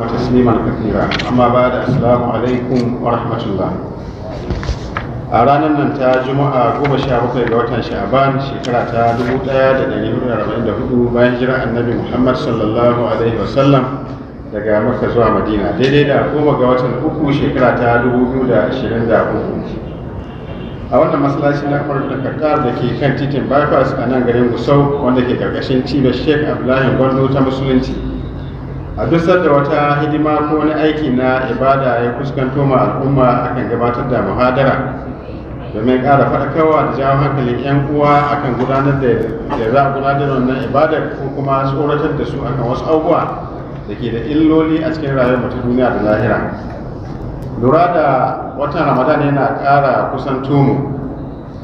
وتسليما كثيرا أما بعد السلام عليكم ورحمة الله a ranar nan ta juma'a goma sha bakwai ga watan sha'aban shekara ta dubu ɗaya da ɗari hudu da arba'in da hudu bayan jira annabi muhammad sallallahu alaihi wasallam daga maka zuwa madina daidai da goma ga watan uku shekara ta dubu biyu da ashirin da uku a wannan masallaci na kwarar da kakar da ke kan titin bypass a nan garin gusau wanda ke karkashin cibiyar sheikh abdullahi gwando ta musulunci a duk da wata hidima ko wani aiki na ibada ya kuskanto ma al'umma akan gabatar da muhadara domin ƙara faɗakawa da jawo hankalin 'yan uwa akan gudanar da ya za a gudanar da wannan ibada ko kuma tsoratar da su akan wasu abubuwa da ke da illoli a cikin rayuwar mutum duniya da lahira lura da watan ramadan yana ƙara kusan mu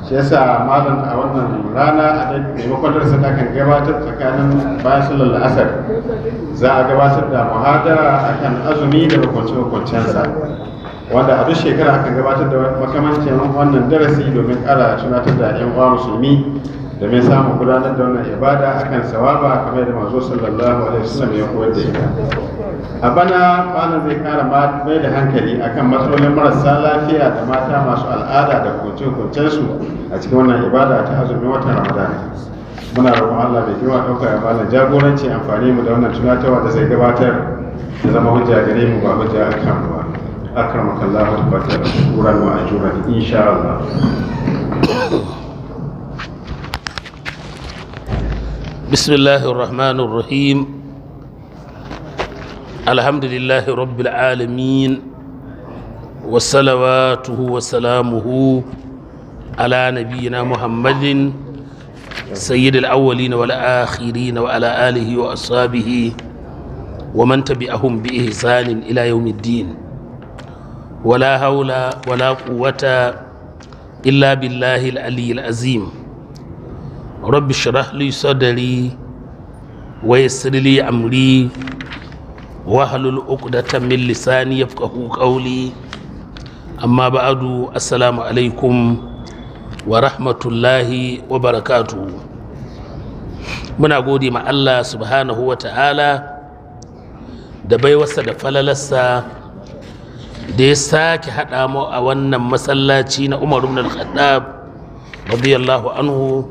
shi yasa malam a wannan rana a maimakon darasa da kan gabatar tsakanin bayan sallar asar za a gabatar da muhadara akan azumi da hukunce-hukuncensa wanda a duk shekara akan gabatar da makamancin wannan darasi domin kara tunatar da yan uwa musulmi domin samun gudanar da wannan ibada akan sawaba kamar da mazo sallallahu alaihi wasallam ya koyar da ita a bana kwana zai kara mai da hankali akan matsalolin marasa lafiya da mata masu al'ada da kunce-kuncensu a cikin wannan ibada ta azumin watan ramadana muna roƙon allah mai girma ɗauka ya bada jagoranci amfani mu da wannan tunatarwa da zai gabatar da zama hujja gare mu ba hujja a kan ba akramaka allah wa tabbata Kur'an wa ajuran insha allah بسم الله الرحمن الرحيم الحمد لله رب العالمين وصلواته وسلامه على نبينا محمد سيد الأولين والآخرين وعلى آله وأصحابه ومن تبعهم بإحسان إلى يوم الدين ولا حول ولا قوة إلا بالله العلي العظيم رب اشرح لي صدري ويسر لي أمري wahalul uqdatan min lisani yafqahu qawli amma ba'adu assalamu alaikum wa rahmatullahi wa barakatu. muna gode ma Allah subhanahu wa ta'ala da baiwarsa da falalarsa da ya sake haɗa mu a wannan masallaci na Umar ibn al-Khattab radiyallahu anhu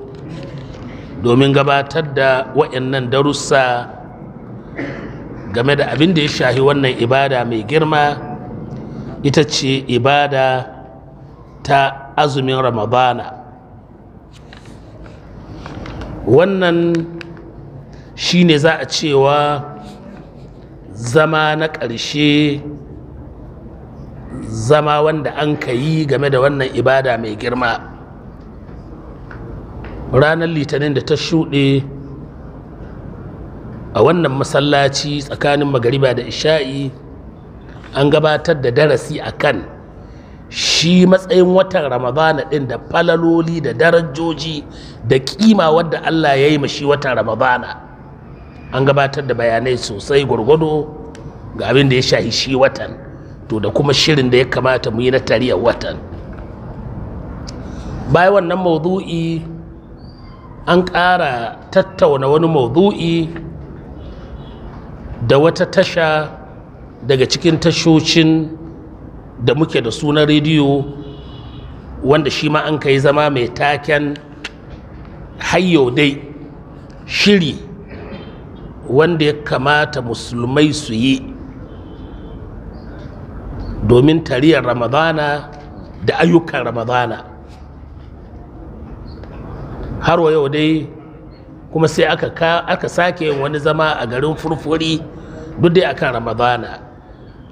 domin gabatar da wayannan darussa game da abin da ya shahi wannan ibada mai girma ita ce ibada ta azumin ramadana wannan shine za a cewa zama na ƙarshe zama wanda an ka yi game da wannan ibada mai girma ranar litinin da ta shuɗe a wannan masallaci tsakanin magariba da isha'i an gabatar da darasi a kan shi matsayin watan ramadana ɗin da falaloli da darajoji da kima wadda allah ya yi shi watan ramadana an gabatar da bayanai sosai gwargwado ga abin da ya shahi shi watan to da kuma shirin da ya kamata mu yi na tariyar watan bayan wannan maudu'i an ƙara tattauna wani maudu'i da wata tasha daga cikin tashocin da muke da sunan rediyo wanda shi ma an kai zama mai taken hayo dai shiri wanda ya kamata musulmai su yi domin tariyar ramadana da ayyukan ramadana har yau dai kuma sai aka sake wani zama a garin furfuri duk dai akan ramadana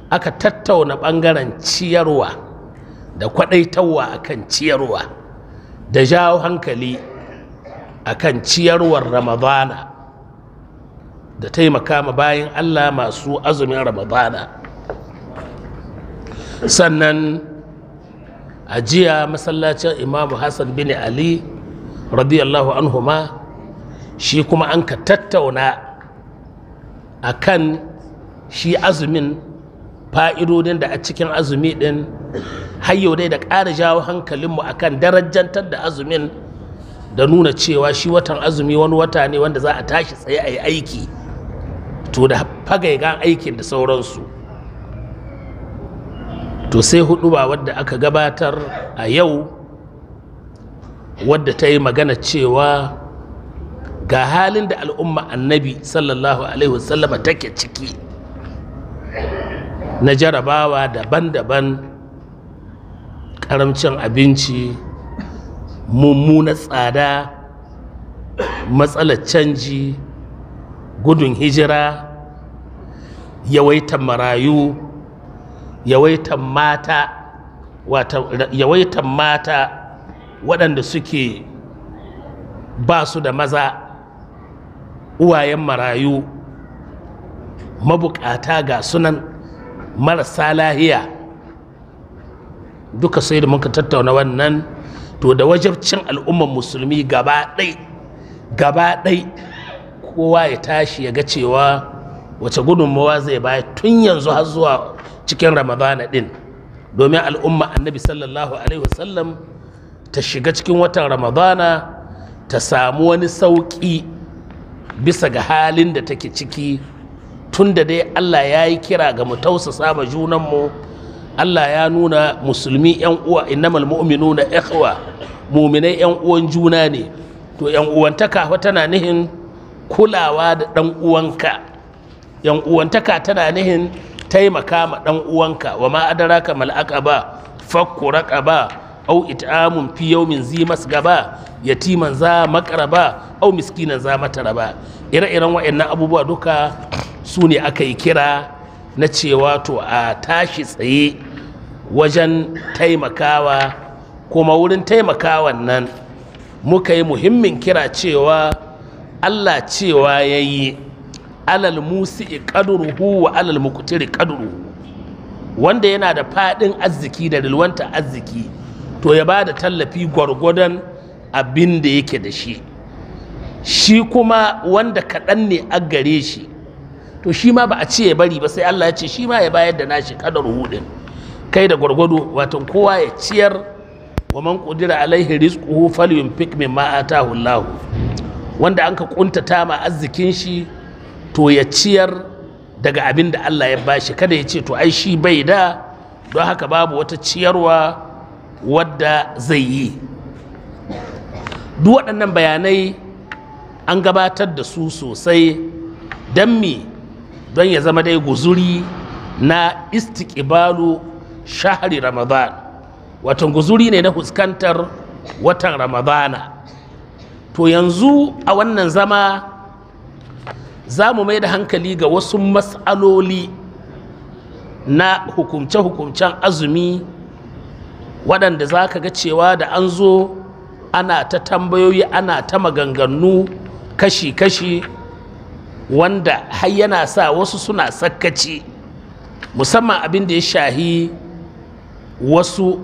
aka tattauna ɓangaren ciyarwa da a kan ciyarwa da jawo hankali akan ciyarwar ramadana da taimaka ma bayan allah masu azumin ramadana sannan a jiya masallacin imamu hassan bin ali radiyallahu anhu ma shi kuma an ka tattauna a kan shi azumin fa'idodin da a cikin azumi ɗin hayo dai da ƙara jawo hankalinmu a kan darajantar da azumin da nuna cewa shi watan azumi wani wata ne wanda za a tashi tsaye a yi aiki to da fagaigan aikin da sauransu to sai hudu ba wadda aka gabatar a yau wadda ta yi magana cewa ga halin da al'umma annabi sallallahu alaihi wasallam take ciki na jarabawa daban-daban karamcin abinci mummuna tsada matsalar canji gudun hijira yawaitan marayu yawaitan mata yawaitan mata waɗanda suke ba su da maza uwayen marayu mabukata ga sunan marasa lahiya duka sai da muka tattauna wannan to da wajabcin al'ummar musulmi gaba ɗai gaba ɗai kowa ya tashi ya ga cewa wace gudunmawa zai baya tun yanzu har zuwa cikin ramadana ɗin domin al'umma annabi sallallahu alaihi wasallam ta shiga cikin watan ramadana ta samu wani sauƙi bisa ga halin da take ciki tun da dai Allah ya yi kira ga mu tausasa ma junanmu Allah ya nuna musulmi yan uwa innamal mu'minuna ikhwa mu'minai yan uwan juna ne to yan uwantaka fa tana nihin kulawa da dan uwanka yan uwantaka tana nihin taimaka ma dan uwanka wa ma adaraka mal aqaba fakku raqaba au it'amun fi zimas gaba masgaba yatiman za makaraba au miskinan za ba. ire-iren waɗannan abubuwa duka su ne aka yi kira na cewa to a tashi tsaye wajen taimakawa kuma wurin taimakawan nan muka yi muhimmin kira cewa allah cewa ya yi alal musi kaduruhu wa alal mukutiri kaduruhu wanda yana da faɗin arziki da rilwanta arziki to ya ba da tallafi gwargwadon abin da yake da shi shi kuma wanda kaɗan ne a gare shi to shi ma ba a ce ya bari ba sai Allah ya ce shi ma ya bayar da nashi kadar hudin kai da gwargwado watan kowa ya ciyar wa man kudira alaihi rizquhu falyunfiq mimma atahu Allah wanda anka kuntata ma arzikin shi to ya ciyar daga abin da Allah ya bashi kada ya ce to ai shi bai da don haka babu wata ciyarwa wadda zai yi duk waɗannan bayanai an gabatar da su sosai don mi don ya zama dai guzuri na istikibalu shahari ramadan watan guzuri ne na fuskantar watan ramadana to yanzu a wannan zama za mu mai da hankali ga wasu matsaloli na hukumce-hukumcen azumi waɗanda za ka ga cewa da an zo ana ta tambayoyi ana ta maganganu kashi-kashi wanda har yana sa wasu suna sakkaci musamman abin da ya shahi wasu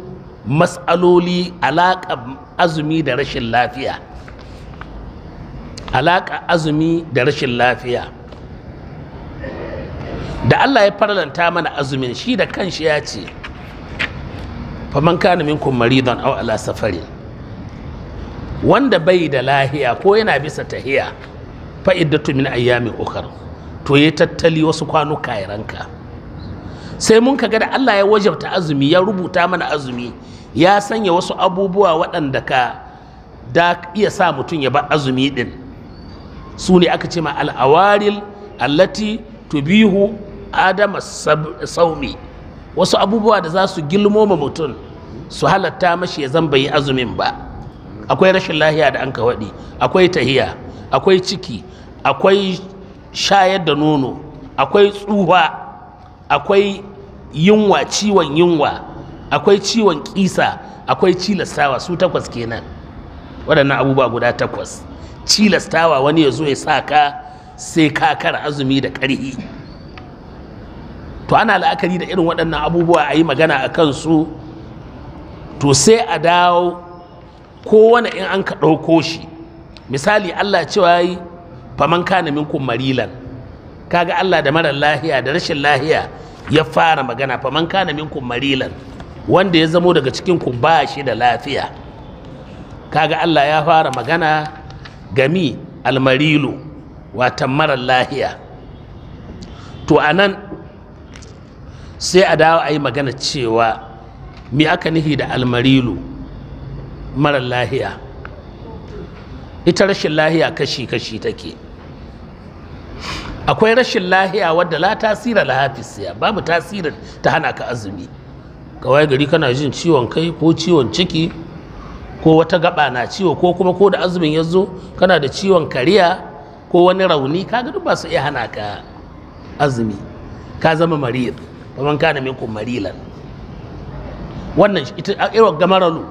matsaloli alaƙa azumi da rashin lafiya alaƙa azumi da rashin lafiya da Allah ya farlanta mana azumin shi da kanshi ya ce faman kana minkum maridan aw ala safarin wanda bai da lahiya ko yana bisa tahiya fa iddatu min ayyamin ukhra to ya tattali wasu kwanuka ya ranka sai mun kaga da Allah ya wajabta azumi ya rubuta mana azumi ya sanya wasu abubuwa waɗanda ka da iya sa mutum ya bar azumi din su ne aka ce ma al'awaril allati tubihu adama saumi wasu abubuwa da za su gilmo ma mutum su halatta mashi ya zan bai azumin ba akwai rashin lahiya da an ka waɗi akwai tahiya akwai ciki akwai shayar da nono akwai tsuwa. akwai yunwa ciwon yunwa akwai ciwon kisa akwai cilastawa su takwas kenan waɗannan abubuwa guda takwas cilastawa wani ya zo ya sa ka sai kakar azumi da ƙarhi to ana la'akari da irin waɗannan abubuwa a yi magana a kansu to sai a dawo kowane in an ka ɗauko shi misali allah cewa yi faman kana minkum marilan kaga allah da marar lahiya da rashin lahiya ya fara magana faman kana minkum marilan wanda ya zamo daga cikin ku ba shi da lafiya kaga allah ya fara magana gami almarilu watan marar lahiya to a nan. sai a dawo a yi magana cewa mi aka nihi da almarilu mara lahiya ita rashin lahiya kashi-kashi take akwai rashin lahiya wadda la tasira la babu tasirin ta hana ka azumi kawai gari kana jin ciwon kai ko ciwon ciki ko wata gaba na ciwo ko kuma ko da azumin ya zo kana da ciwon kariya ko wani rauni kaga duk ba su iya hana ka azumi ka zama marid wa kana mai marilan wannan ita irwa gamaralu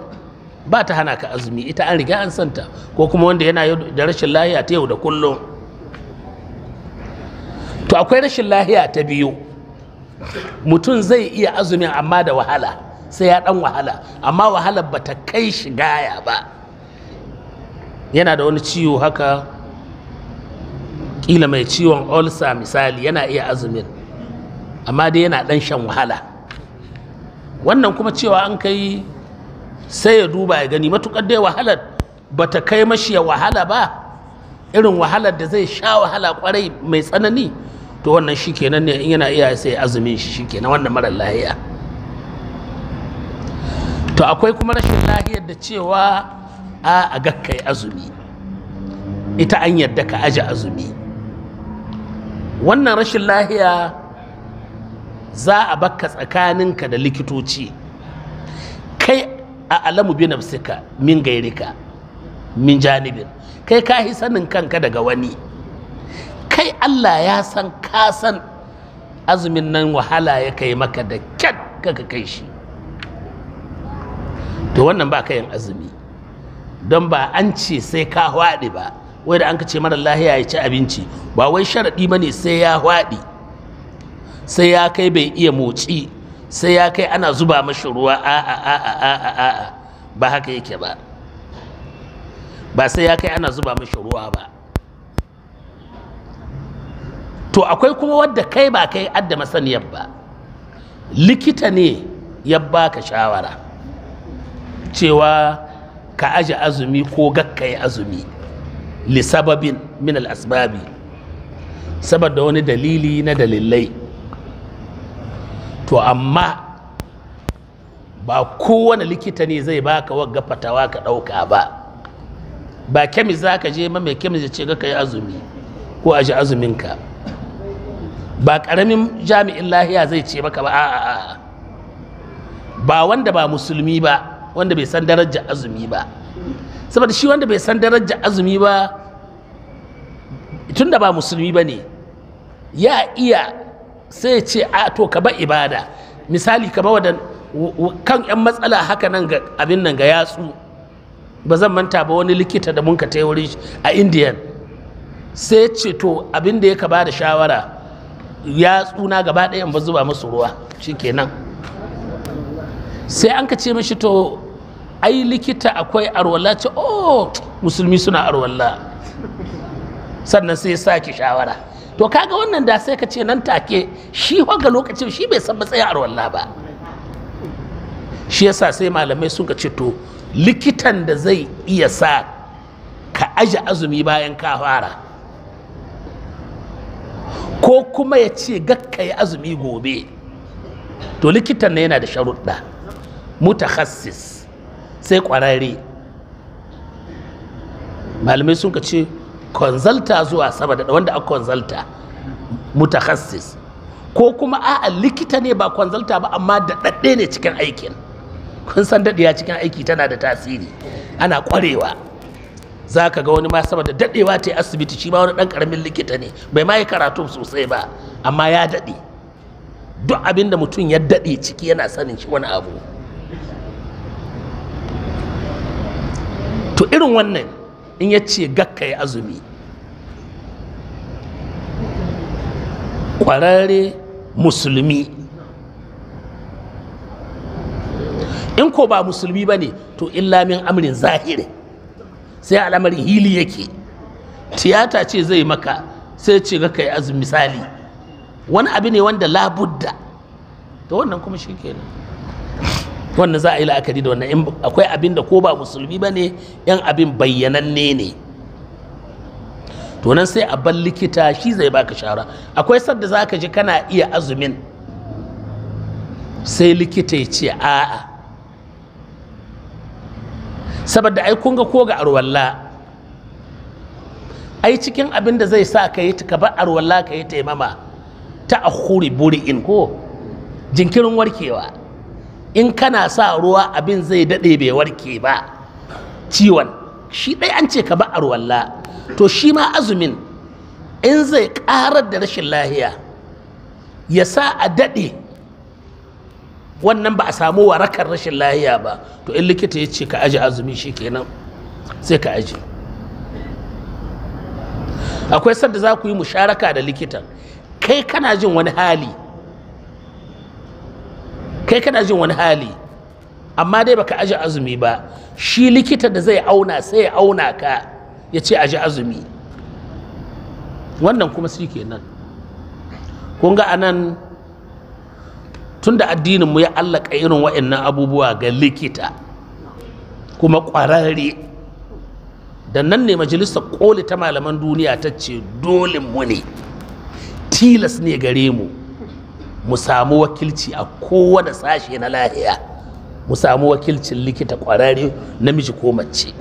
ba ta hana ka azumi ita an riga an santa ko kuma wanda yana da rashin lahiya ta yau da kullum to akwai rashin lahiya ta biyu mutum zai iya azumin amma da wahala sai ya dan wahala amma wahalar ba ta kai shi gaya ba yana da wani ciwo haka kila mai ciwon olsa misali yana iya azumin amma dai yana ɗan shan wahala wannan kuma cewa an kai sai ya duba ya gani matuƙar dai wahalar ba ta kai mashi ya wahala ba irin wahalar da zai sha wahala kwarai mai tsanani to wannan shi kenan ne in yana iya sai azumin shi shi kenan wannan marar lahiya to akwai kuma rashin lahiyar da cewa a a gakkai azumi ita an yarda ka ajiye azumi wannan rashin lahiya za a baka tsakaninka da likitoci kai a alamu bi nafsika min gairika min janibin kai ka yi sanin kanka daga wani kai Allah ya san ka san azumin nan wahala ya kai maka da kyan kaka kai shi to wannan ba ka yin azumi don ba an ce sai ka hwaɗe ba wai da an ka ce mara lahiya ya ci abinci ba wai sharaɗi ba ne sai ya hwaɗe sai ya kai bai iya motsi sai ya kai ana zuba mashi ruwa a a a a a a ba haka yake ba ba sai ya kai ana zuba mashi ruwa ba to akwai kuma wadda kai ba kai adda masaniyar ba likita ne ya baka shawara cewa ka aje azumi ko gakkai azumi lisababin min al-asbabi saboda wani dalili na dalilai to amma ba kowane likita ne zai baka wagga fatawa ka ɗauka ba ba kemis za ka je ma mai kemis ya ce ka yi azumi ko a ji azuminka ba ƙaramin jami'in lahiya zai ce maka ba a ba wanda ba musulmi ba wanda bai san daraja azumi ba saboda shi wanda bai san daraja azumi ba tunda ba musulmi ba ne ya iya sai ce a to ka ba ibada misali ka ba kan yan matsala haka nan ga abin nan ga yatsu ba zan manta ba wani likita da mun ka ta wuri a indiya sai ce to abin da ya ka ba shawara yatsu na gaba ɗayan ba zuba musu ruwa shikenan sai an ka ce mashi to ai likita akwai arwalla ce oh musulmi suna arwalla sannan sai ya sake shawara to kaga wannan da sai ka ce nan take shi ga lokacin shi bai san matsayin arwalla ba shi yasa sai malamai sun ka ce to likitan da zai iya sa ka aje azumi bayan ka fara ko kuma ya ce gakka yi azumi gobe to likitan na yana da sharuɗa mutakhassis sai ƙwararre malamai sun ka ce Konzalta zuwa sama da wanda a konzalta mutakhassis ko kuma a'a likita ne ba konzalta ba amma da daɗe ne cikin aikin kun san daɗewa cikin aiki tana da tasiri ana kwarewa za ka ga wani ma sama da daɗewa ta yi asibiti shi ma wani ɗan ƙaramin likita ne bai ma yi karatu sosai ba amma ya daɗe duk abin da mutum ya daɗe ciki yana sanin shi wani abu to irin wannan in ya ce gakka ya azumi ƙwararre musulmi in ko ba musulmi ba ne to min amrin zahiri sai al'amarin hili yake tiyata ce zai maka sai ce gakka ya azumi misali wani abu ne wanda labudda to wannan kuma shi kenan wannan za a yi la'akari da wannan akwai abin da ko ba musulmi ba ne yan abin bayyananne ne to nan sai a bar likita shi zai baka shara akwai sadda za ka ji kana iya azumin sai likita ya ce a'a saboda ai kun ga ko ga arwalla ai cikin abin da zai sa ka yi ka bar arwalla ka yi taimama ta akuri buri'in ko jinkirin warkewa in kana sa ruwa abin zai daɗe bai warke ba ciwon shi ɗaya an ce ka ba a arwalla to shi ma azumin in zai ƙarar da rashin lahiya ya sa a daɗe wannan ba a samu warakar rashin lahiya ba to in likita ya ce ka aji azumi shi kenan sai ka aji akwai sadda za ku yi musharaka da likitan kai kana jin wani hali kai kana jin wani hali amma dai baka aji azumi ba shi likita da zai auna sai ya auna ka ya ce aji azumi wannan kuma su kenan kun ga anan tunda addinin mu ya allaka irin wa'annan abubuwa ga likita kuma ƙwararre da nan ne majalisar koli ta malaman duniya ta ce dole mu ne tilas ne gare mu mu samu wakilci a kowane sashe na lahiya mu samu wakilcin likita kwararre namiji ko mace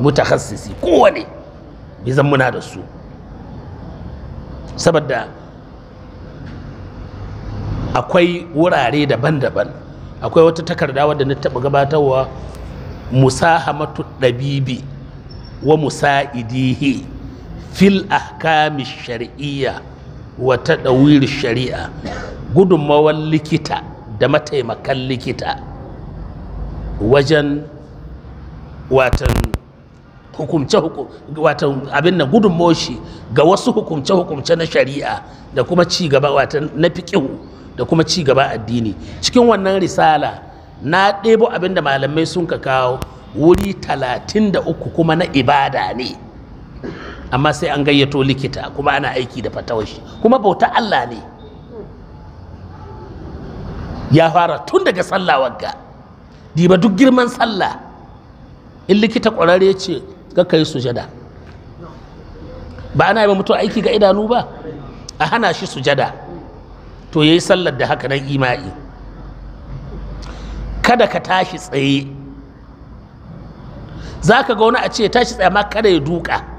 mutakhassisi kowane bizan muna da su saboda akwai wurare daban-daban akwai wata takarda wadda na taɓa gabatarwa musahamatu ɗabibi wa musa'idihi fil ahkami shari'iyya wa tadawir shari'a gudunmawar likita da mataimakan likita wajen watan hukumce watan abin da gudunmawar shi ga wasu hukumce-hukumce na shari'a da kuma cigaba watan na fiƙihu da kuma cigaba addini cikin wannan risala na ɗebo abin da malamai sun ka kawo wuri talatin da uku kuma na ibada ne amma sai an gayyato likita kuma ana aiki da fatawashi kuma bauta Allah ne ya fara tun daga sallah wagga diba duk girman sallah in likita ƙwararre ce ga kai sujada ba ana yi mutum aiki ga idanu ba a hana shi sujada to yayi sallar da haka nan ima'i kada ka tashi tsaye za ka ga wani a ce tashi tsaye ma kada ya duka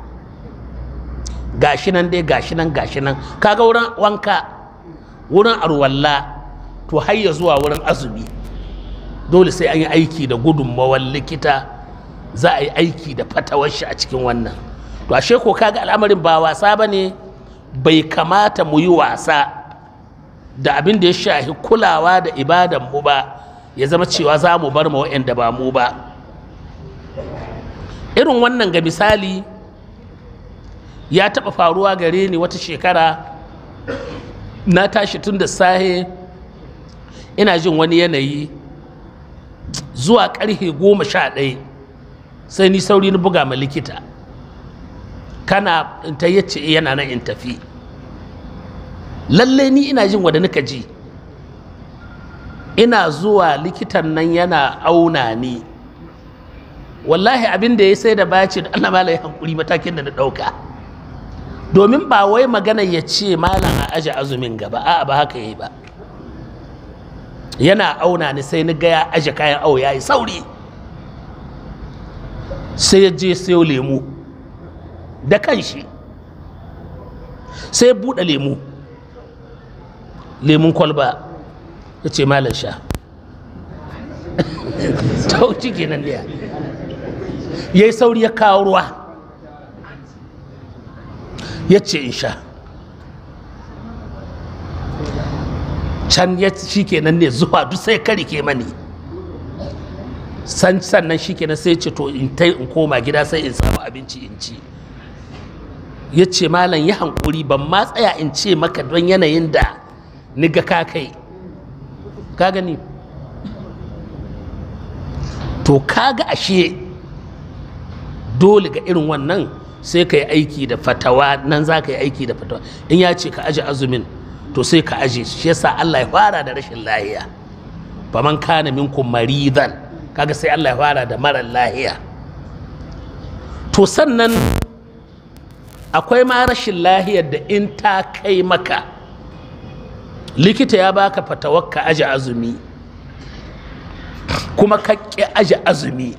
gashi nan dai gashi nan gashi nan kaga wurin wanka wurin arwalla to har ya zuwa wurin azumi dole sai an yi aiki da gudunmawar likita za a yi aiki da fatawar shi a cikin wannan to ashe ko kaga al'amarin ba wasa ba ne bai kamata mu yi wasa da abin da ya shahi kulawa da ibadan mu ba ya zama cewa za mu bar ma wa'anda ba mu ba irin wannan ga misali ya taɓa faruwa gare ni wata shekara na tashi tun da sahe ina jin wani yanayi zuwa ƙarfe goma sha ɗaya sai ni sauri na buga ma likita kana ta yace eh, yana nan in tafi lallai ni ina jin wadda nika ji ina zuwa likitan nan yana auna ni wallahi abin da ya sai da baci da Allah malai hankuri matakin da na ɗauka domin ba wai magana ya ce malam a aje azumin gaba a'a ba haka yi ba yana auna ni sai ni gaya aji aje kayan awo ya yi sauri sai ya je sai lemu da kanshi sai buɗe lemu lemun kwalba ya ce malam sha ta wuce kenan ya yi sauri ya kawo ruwa ya ce in sha can ya shi kenan ne zuwa duk sai kari ke mani san sannan shi kenan sai ce to in ta in koma gida sai in samu abinci in ci ya ce malam ya hankuri ban ma tsaya in ce maka don yanayin da ni ga ka kai ka gani to kaga ashe dole ga irin wannan sai ka yi aiki da fatawa nan za ka yi aiki da fatawa in ya ce ka aje azumin to sai ka aje shi yasa Allah ya fara da rashin lahiya Ba man kana minkum maridan kaga sai Allah ya fara da mara lahiya to sannan akwai ma rashin lahiyar da in ta kai maka likita ya baka fatawar ka aje azumi kuma ka ki aje azumi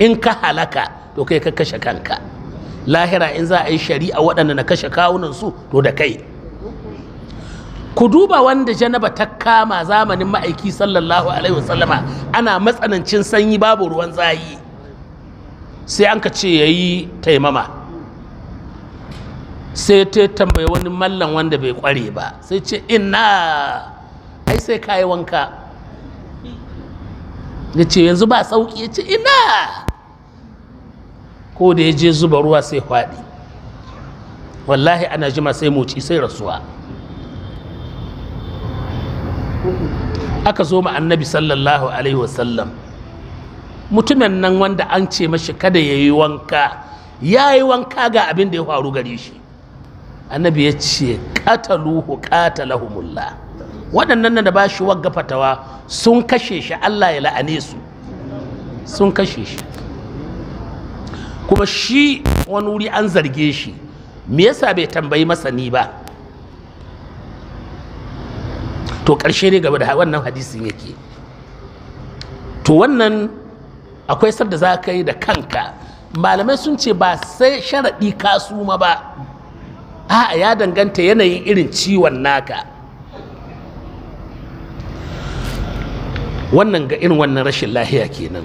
in ka halaka to kai ka kashe kanka lahira in za a yi shari'a waɗanda na kashe kawunan su to da kai ku duba wanda janaba ta kama zamanin ma'aiki sallallahu alaihi wasallama ana matsanancin sanyi babu ruwan zayi sai an ka ce ya yi taimama sai ta tambaye wani mallan wanda bai kware ba sai ce inna ai sai kayi wanka ya ce yanzu ba sauki ya ce ina ko da ya je zuba ruwa sai faɗi wallahi ana jima sai moci sai rasuwa aka zo ma annabi sallallahu alaihi wasallam mutumin nan wanda an ce mashi kada ya yi wanka ya yi wanka ga abin da ya faru gare shi annabi ya ce kataluhu katalahumullah waɗannan nan da ba shi wagga fatawa sun kashe shi allah ya la'ane su sun kashe shi kuma shi wani wuri an zarge shi me yasa bai tambayi masa ni ba to ƙarshe ne gaba da wannan hadisin yake to wannan akwai sadda za ka yi da kanka malamai sun ce ba sai sharaɗi ka suma ba a'a ya danganta yanayin irin ciwon naka wannan ga irin wannan rashin lahiya kenan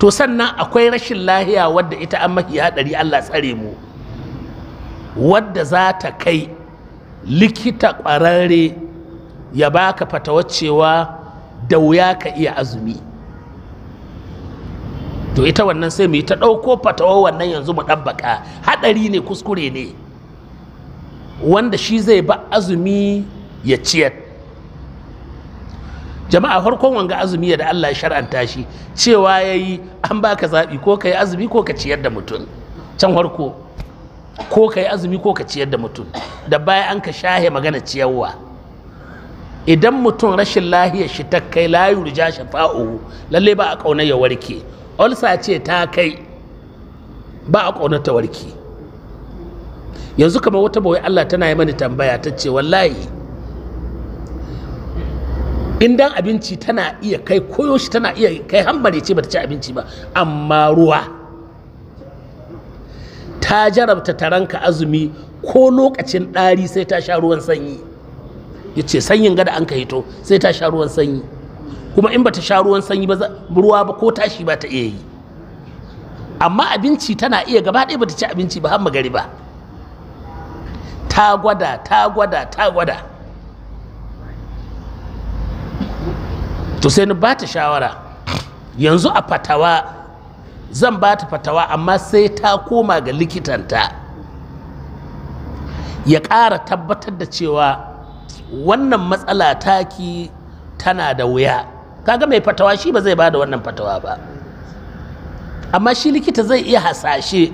to sannan akwai rashin lahiya wadda ita an mafi haɗari Allah tsare mu wadda za ta kai likita ƙwararre ya baka fatawar cewa da wuya ka iya azumi to ita wannan sai mu yi ta ɗauko fatawar wannan yanzu mu ɗabbaka haɗari ne kuskure ne wanda shi zai ba azumi ya ciyar jama'a farkon wanga azumi da Allah ya shar'anta shi cewa yayi an baka zabi ko kai azumi ko ka ciyar da mutum can farko ko kai azumi ko ka ciyar da mutum da baya an ka shahe magana ciyarwa idan mutum rashin lahiyar shi ta kai la yurja shafa'u lalle ba a kauna ya warke ulsa ce ta kai ba a kauna ta warke yanzu kamar wata bawai Allah tana yi mani tambaya ta ce wallahi in dan abinci tana iya kai koyo tana iya kai hambare ce bata ci abinci ba amma ruwa ta jarabta taranka azumi ko lokacin ɗari sai ta sha ruwan sanyi ya ce sanyin gada an ka hito sai ta sha ruwan sanyi kuma in bata sha ruwan sanyi ba ruwa ba ko tashi ba ta iya yi amma abinci tana iya gaba ɗaya bata ci abinci ba har magari ba ta gwada ta gwada ta gwada to sai ni ba ta shawara yanzu a fatawa zan ba ta fatawa amma sai ta koma ga likitanta ya ƙara tabbatar da cewa wannan matsala taki tana da wuya kaga mai fatawa shi ba zai ba da wannan fatawa ba amma shi likita zai iya hasashe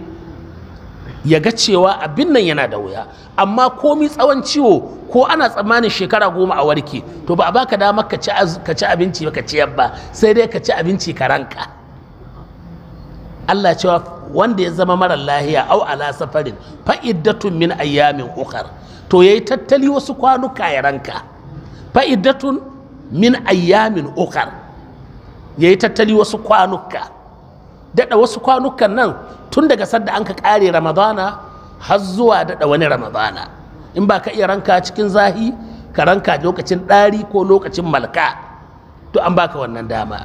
ya ga cewa abin nan yana da wuya amma komi tsawon ciwo ko ana tsammanin shekara goma a warke to ba a baka dama ka ci abinci ba ka ci yabba, sai dai ka ci abinci ka ranka Allah cewa wanda ya zama marar lahiya au ala safarin fa'iddatun min ayyamin ukhar to yayi tattali wasu kwanuka ya ranka fa'iddatun min ayyamin ukhar yayi tattali wasu kwanuka daɗa wasu kwanukan nan tun daga sadda an ka ƙare ramadana har zuwa daɗa wani ramadana in ba ka iya ranka cikin zahi ka ranka lokacin ɗari ko lokacin malka to an baka wannan dama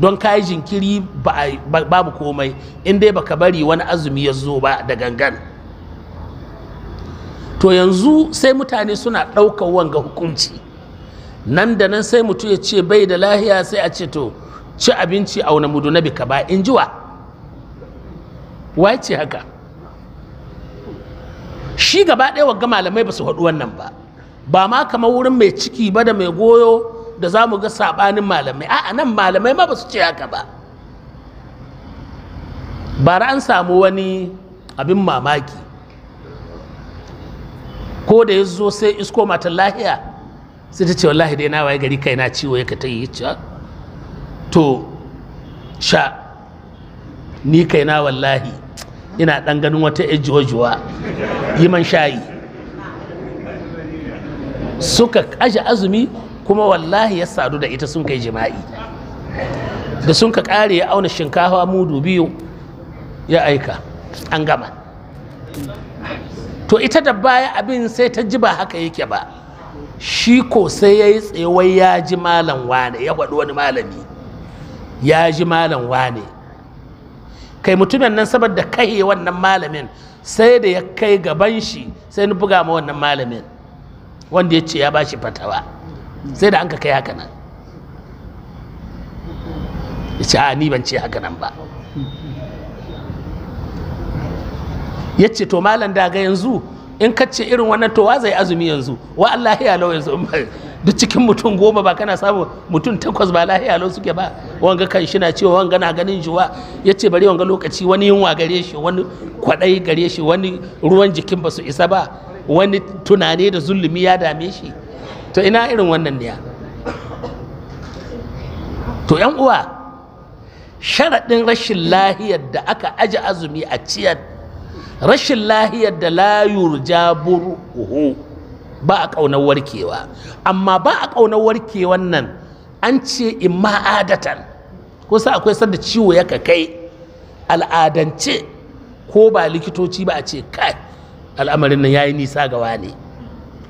don ka yi jinkiri babu komai in dai baka bari wani azumi ya zo ba da gangan to yanzu sai mutane suna ɗaukar wanga hukunci nan da nan sai mutum ya ce bai da lahiya sai a ce to ci abinci a wani mudu na bika ba in jiwa wai ce haka shi gaba ɗaya wagga malamai ba su haɗu wannan ba ba ma kamar wurin mai ciki ba da mai goyo da za mu ga saɓanin malamai a nan malamai ma ba su ce haka ba bara an samu wani abin mamaki ko da ya zo sai isko matan lahiya sai ta ce wallahi dai na waye gari kai na ciwo ya ka ta yi cewa ah, to sha ni kaina wallahi ina ɗan ganin wata ejojuwa yi man shayi suka aje azumi kuma wallahi ya sadu da ita sun kai jima'i da sun ka ƙare ya auna shinkafa mudu biyu ya aika an gama to ita da baya abin sai ta ji ba haka yake ba shi ko sai yayi yi tsewai ya ji malam wane ya faɗi wani malami ya ji malam wane kai mutumin nan saboda kai wannan malamin sai da ya kai gaban shi sai ni buga ma wannan malamin wanda ya ce ya ba shi fatawa sai da an ka kai haka nan ya ce a ni ban ce haka nan ba ya ce to malam daga yanzu in ka ce irin wannan to wa zai azumi yanzu wa Allah ya lau yanzu in duk cikin mutum goma ba kana samu mutum takwas ba lahiya lo suke ba wanga kan shi na cewa wanga na ganin juwa ya ce bari wanga lokaci wani yunwa gare shi wani kwaɗayi gare shi wani ruwan jikin ba su isa ba wani tunani da zulumi ya dame shi to ina irin wannan ne to yan uwa sharaɗin rashin lahiyar da aka aji azumi a ciyar rashin lahiyar da la yurja ba a ƙaunar warkewa amma ba a ƙaunar warkewan nan an ce imma adatan ko sa akwai sanda ciwo ya ka kai al'adance ko ba likitoci ba a ce kai al'amarin nan yayi nisa ga wane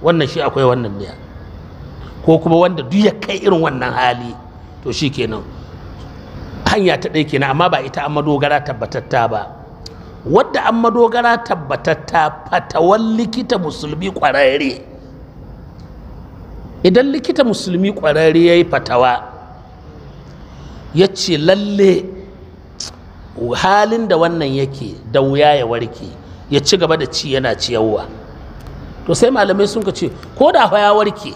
wannan shi akwai wannan ne ko kuma wanda duk ya kai irin wannan hali to shi kenan hanya ta ɗaya kenan amma ba ita an madogara tabbatatta ba wadda an madogara tabbatatta fatawan likita musulmi ƙwararre idan likita musulmi ƙwararre ya yi fatawa ya ce lalle halin da wannan yake da wuya ya warke ya ci gaba da ci yana ciyarwa to sai malamai sun ce ko da ya warke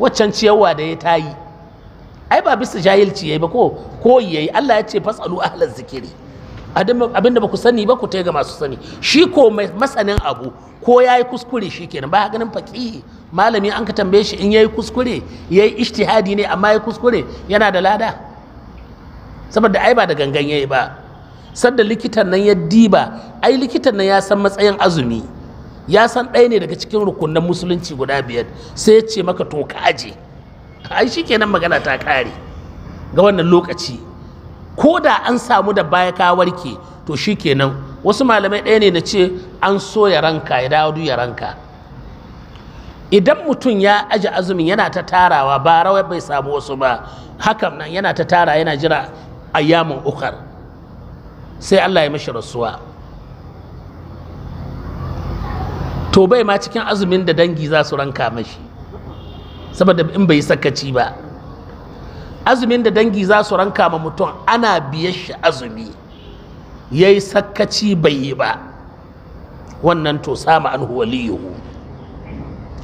waccan ciyarwa da ya tayi ai ba bisa jahilci yi ba ko ko yi? Allah ya ce fasalu ahlaz zikiri abinda ba ku sani ba ku ta ga masu sani shi ko masanin abu ko ya yi kuskure shi kenan ba ganin faqihi malami an ka tambaye shi in yayi kuskure yayi ijtihadi ne amma yayi kuskure yana da lada saboda ai ba da gangan yayi ba sadda likitan nan ya diba ai likitan nan ya san matsayin azumi ya san ɗaya ne daga cikin rukunan musulunci guda biyar sai ya ce maka to ka aje ai shikenan magana ta kare ga wannan lokaci ko da an samu da baya ka warke to shikenan wasu malamai ɗaya ne na ce an so ya ranka ya dawo ya ranka idan mutum ya aji azumin yana ta tarawa ba rawar bai samu wasu ba hakan nan yana ta tara yana jira ayyamin ukar sai Allah ya mashi rasuwa to bai ma cikin azumin da dangi za su ranka mashi saboda in bai sakaci ba azumin da dangi za su ranka ma mutum ana biyar shi azumi ya yi sakaci bai yi ba wannan to sama an huwaliyu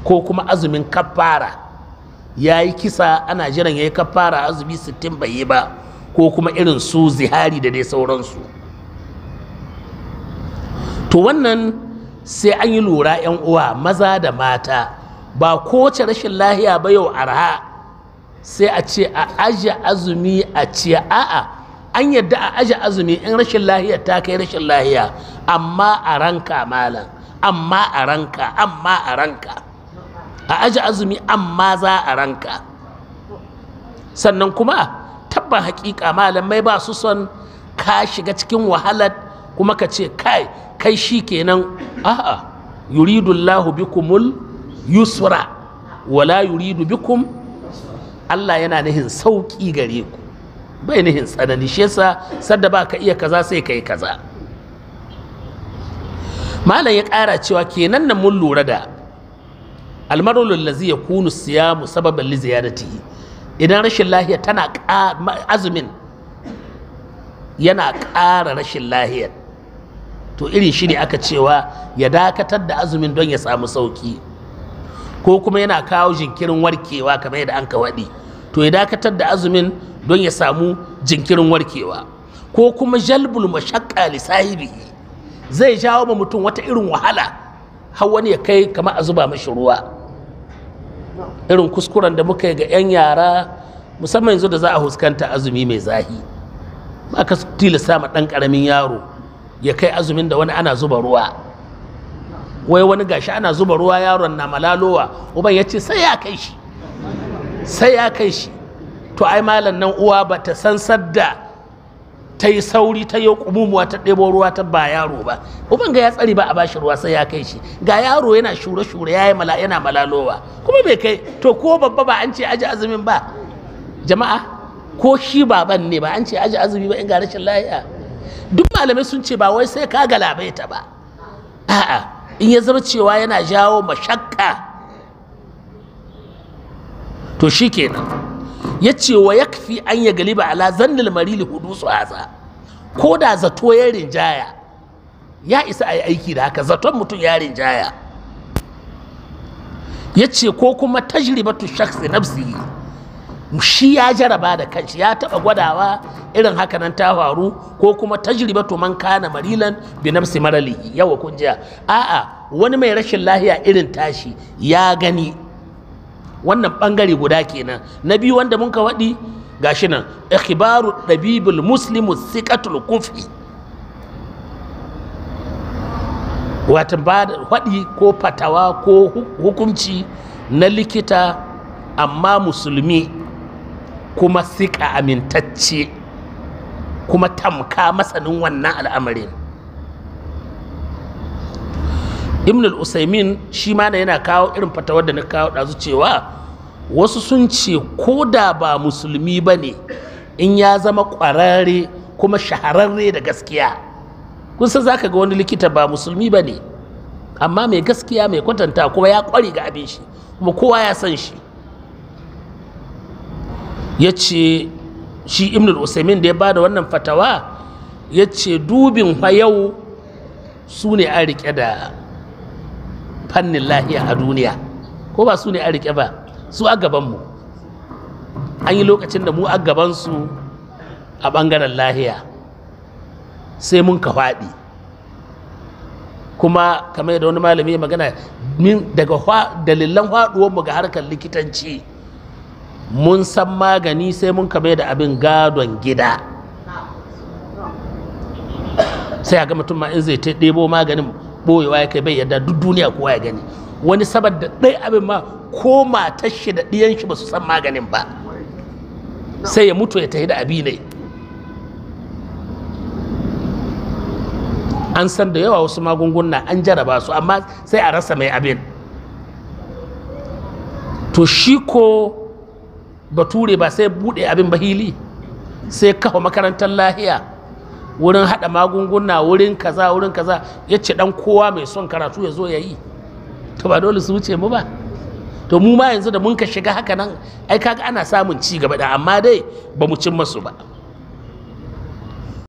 ko kuma azumin kafara ya yi kisa ana jiran ya yi kafara azumi sittin bai yi ba ko kuma irin su zihari da dai sauransu to wannan sai an yi lura 'yan uwa maza da mata ba kowace rashin lahiya ba yau arha sai a ce a aje azumi a ce a'a an yadda a aje azumi in rashin lahiya ta kai rashin lahiya amma a ranka malam amma a ranka amma a ranka a aji azumi amma za a ranka sannan kuma tabban hakika malamai ba su son ka shiga cikin wahalar kuma ka ce kai kai shi kenan a'a yuridullahu bikumul yusra wala yuridu bikum Allah yana nihin sauƙi gare ku bai nihin tsanani shi yasa sadda ba ka iya kaza sai kai kaza malam ya ƙara cewa kenan nan mun lura da almarulul lazi kunu siyamu sababan li ziyadatihi idan rashin lahiya tana azumin yana ƙara rashin lahiyar to irin shi ne aka cewa ya dakatar da azumin don ya samu sauki ko kuma yana kawo jinkirin warkewa kamar yadda an ka waɗi to ya dakatar da azumin don ya samu jinkirin warkewa ko kuma jalbul mashakka li zai jawo ma mutum wata irin wahala har wani ya kai kamar a zuba mashi ruwa irin kuskuren da muka yi ga 'yan yara musamman yanzu da za a huskanta azumi mai zahi ba ka tilasta ma ɗan ƙaramin yaro ya kai azumin da wani ana zuba ruwa wai wani gashi ana zuba ruwa yaron na malalowa uban ya ce sai ya kai shi sai ya kai shi to ai malam nan uwa ba ta san sadda ta yi sauri ta yi kumumuwa ta ɗebo ruwa ta ba yaro ba uban ga ya tsari ba a bashi ruwa sai ya kai shi ga yaro yana shure shure ya yi mala yana malalowa kuma bai kai to ko babba ba an ce aji azumin ba jama'a ko shi baban ne ba an ce aji azumi ba in ga rashin lahiya duk malamai sun ce ba wai sai ka ta ba a'a in ya zama cewa yana jawo mashakka to shi kenan ya ce wa ya kafi an ya galiba ala zan marili hudu su haza ko da zato ya rinjaya ya isa a yi aiki da haka zaton mutum ya rinjaya ya ce ko kuma tajribatu shakhsi nafsihi shi ya jaraba da kanshi ya taba gwadawa irin haka nan ta faru ko kuma tajribatu man kana marilan bi nafsi maralihi yawa kunja a'a wani mai rashin lahiya irin tashi ya gani wannan bangare guda kenan na biyu wanda mun ka waɗi gashi nan ikhbaru dabibul muslimu siqatul kufi watan ba waɗi ko fatawa ko hukunci na likita amma musulmi kuma siƙa amintacce kuma tamka masanin wannan al'amarin ibn al-usaimin shi ma da yana kawo irin fatawar da na kawo ɗazu cewa wasu sun ce ko da ba musulmi ba ne in ya zama ƙwararre kuma shahararre da gaskiya kun san zaka ga wani likita ba musulmi ba ne amma mai gaskiya mai kwatanta kuma ya ƙware ga abin shi kuma kowa ya san shi ya ce shi ibn al-usaimin da ya bada wannan fatawa ya ce dubin yau su ne an riƙe da fannin lahiya a duniya ko ba su ne a rike ba su a gabanmu an yi lokacin da mu a gabansu a ɓangaren lahiya sai mun ka faɗi kuma kamar da wani malami ya magana daga dalilan mu ga harkar likitanci mun san magani sai mun kame da abin gadon gida sai a ga mutum ma in zai ɗebo maganin boyewa ya kai bai yarda duk duniya kowa ya gani wani sabar da ɗaya abin ma ko matar shi da ɗiyan shi ba su san maganin ba sai ya mutu ya tafi da abi ne an san da yawa wasu magunguna an jaraba su amma sai a rasa mai abin to shi ko bature ba sai buɗe abin ba hili sai kafa makarantar lahiya wurin haɗa magunguna wurin kaza wurin kaza ya ce ɗan kowa mai son karatu ya zo ya yi to ba dole su wuce mu ba to mu ma yanzu da mun ka shiga haka nan ai kaga ana samun ci gaba da amma dai ba mu cin masu ba